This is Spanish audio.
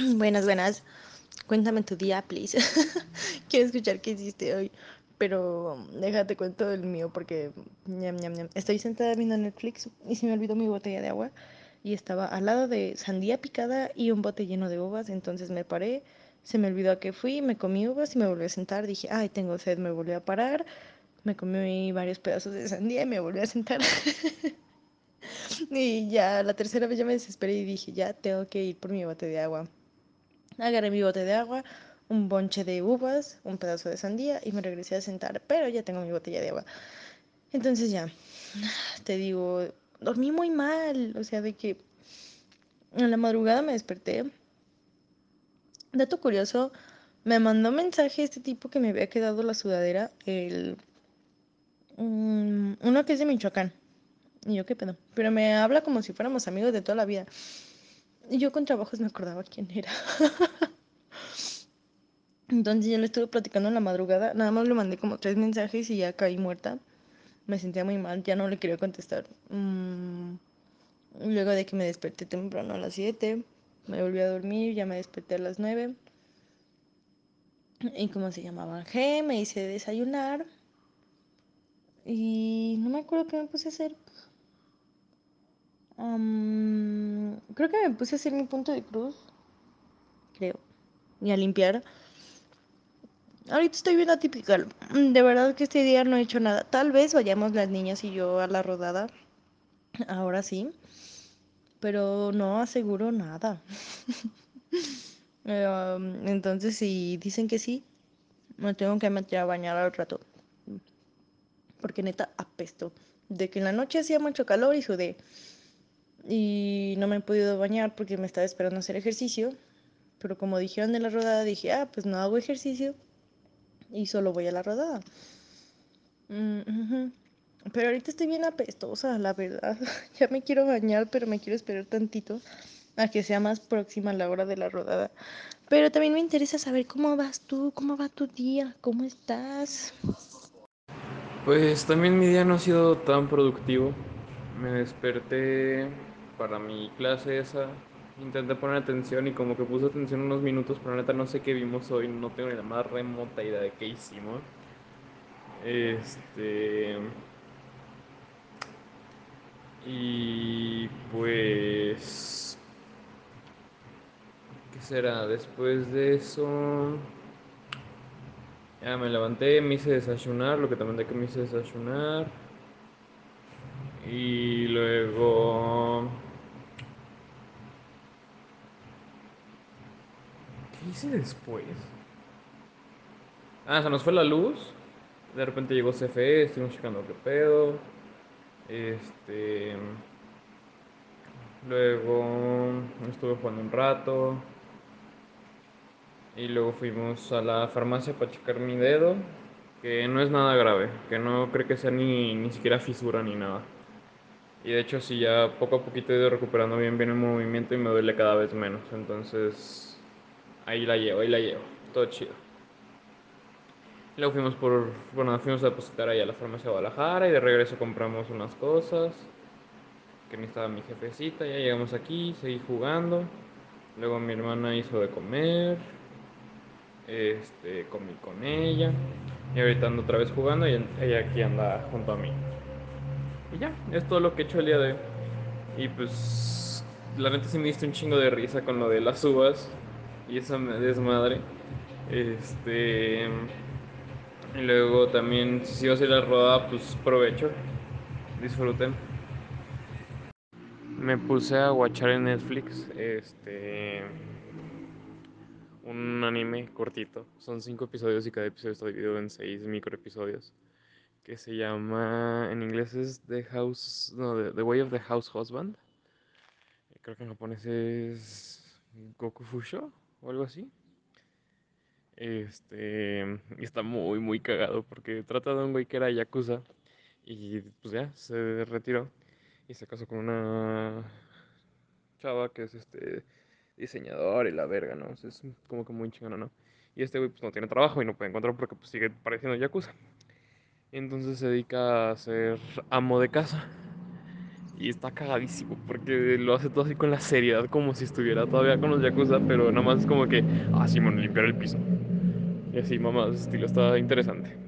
Buenas, buenas. Cuéntame tu día, please. Quiero escuchar qué hiciste hoy, pero um, déjate cuento el mío porque ñam, ñam, ñam. estoy sentada viendo Netflix y se me olvidó mi botella de agua y estaba al lado de sandía picada y un bote lleno de uvas, entonces me paré, se me olvidó a qué fui, me comí uvas y me volví a sentar, dije, ay, tengo sed, me volví a parar, me comí varios pedazos de sandía y me volví a sentar. y ya la tercera vez ya me desesperé y dije, ya tengo que ir por mi bote de agua. Agarré mi bote de agua, un bonche de uvas, un pedazo de sandía y me regresé a sentar, pero ya tengo mi botella de agua. Entonces ya, te digo, dormí muy mal, o sea, de que en la madrugada me desperté. Dato curioso, me mandó mensaje este tipo que me había quedado la sudadera, el mm, uno que es de Michoacán. Y yo qué pedo, pero me habla como si fuéramos amigos de toda la vida yo con trabajos me acordaba quién era. Entonces yo le estuve platicando en la madrugada, nada más le mandé como tres mensajes y ya caí muerta. Me sentía muy mal, ya no le quería contestar. Mm, luego de que me desperté temprano a las 7, me volví a dormir, ya me desperté a las 9. Y como se llamaba, G, me hice desayunar. Y no me acuerdo qué me puse a hacer creo que me puse a hacer mi punto de cruz, creo, y a limpiar. Ahorita estoy bien atípica. Mm, de verdad que este día no he hecho nada. Tal vez vayamos las niñas y yo a la rodada. Ahora sí. Pero no aseguro nada. Em, entonces, si dicen que sí, me tengo que meter a bañar al rato. Porque neta apesto. De que en la noche hacía mucho calor y sudé y no me he podido bañar porque me estaba esperando hacer ejercicio. Pero como dijeron de la rodada, dije, ah, pues no hago ejercicio y solo voy a la rodada. Mm, pero ahorita estoy bien apestosa, la verdad. ya me quiero bañar, pero me quiero esperar tantito a que sea más próxima la hora de la rodada. Pero también me interesa saber cómo vas tú, cómo va tu día, cómo estás. Pues también mi día no ha sido tan productivo. Me desperté para mi clase esa. Intenté poner atención y como que puse atención unos minutos, pero neta no sé qué vimos hoy, no tengo ni la más remota idea de qué hicimos. Este. Y pues. ¿Qué será? Después de eso. Ya me levanté, me hice desayunar, lo que también de que me hice desayunar. Y luego. ¿Qué hice después? Ah, se nos fue la luz. De repente llegó CFE, estuvimos checando qué pedo. Este. Luego estuve jugando un rato. Y luego fuimos a la farmacia para checar mi dedo. Que no es nada grave. Que no creo que sea ni, ni siquiera fisura ni nada. Y de hecho, sí, ya poco a poquito he ido recuperando bien, bien el movimiento y me duele cada vez menos. Entonces, ahí la llevo, ahí la llevo. Todo chido. Luego fuimos por, bueno, fuimos a depositar ahí a la farmacia de Guadalajara y de regreso compramos unas cosas que me estaba mi jefecita. Ya llegamos aquí, seguí jugando. Luego mi hermana hizo de comer. Este, comí con ella. Y ahorita ando otra vez jugando y ella aquí anda junto a mí. Y ya, es todo lo que he hecho el día de hoy. Y pues, la neta sí me diste un chingo de risa con lo de las uvas y esa desmadre. Este. Y luego también, si vas a hacer la rodada, pues provecho. Disfruten. Me puse a watchar en Netflix este. Un anime cortito. Son cinco episodios y cada episodio está dividido en seis microepisodios. Que se llama. En inglés es The House. No, The Way of the House Husband. Creo que en japonés es. Goku Fusho o algo así. Este, y está muy, muy cagado porque trata de un güey que era yakuza y pues ya se retiró y se casó con una chava que es este diseñador y la verga, ¿no? es como que muy chingona, ¿no? Y este güey pues no tiene trabajo y no puede encontrar porque pues sigue pareciendo yakuza. Entonces se dedica a ser amo de casa y está cagadísimo porque lo hace todo así con la seriedad, como si estuviera todavía con los Yakuza, pero nada más es como que, ah, sí, limpiar el piso. Y así, mamá, ese estilo está interesante.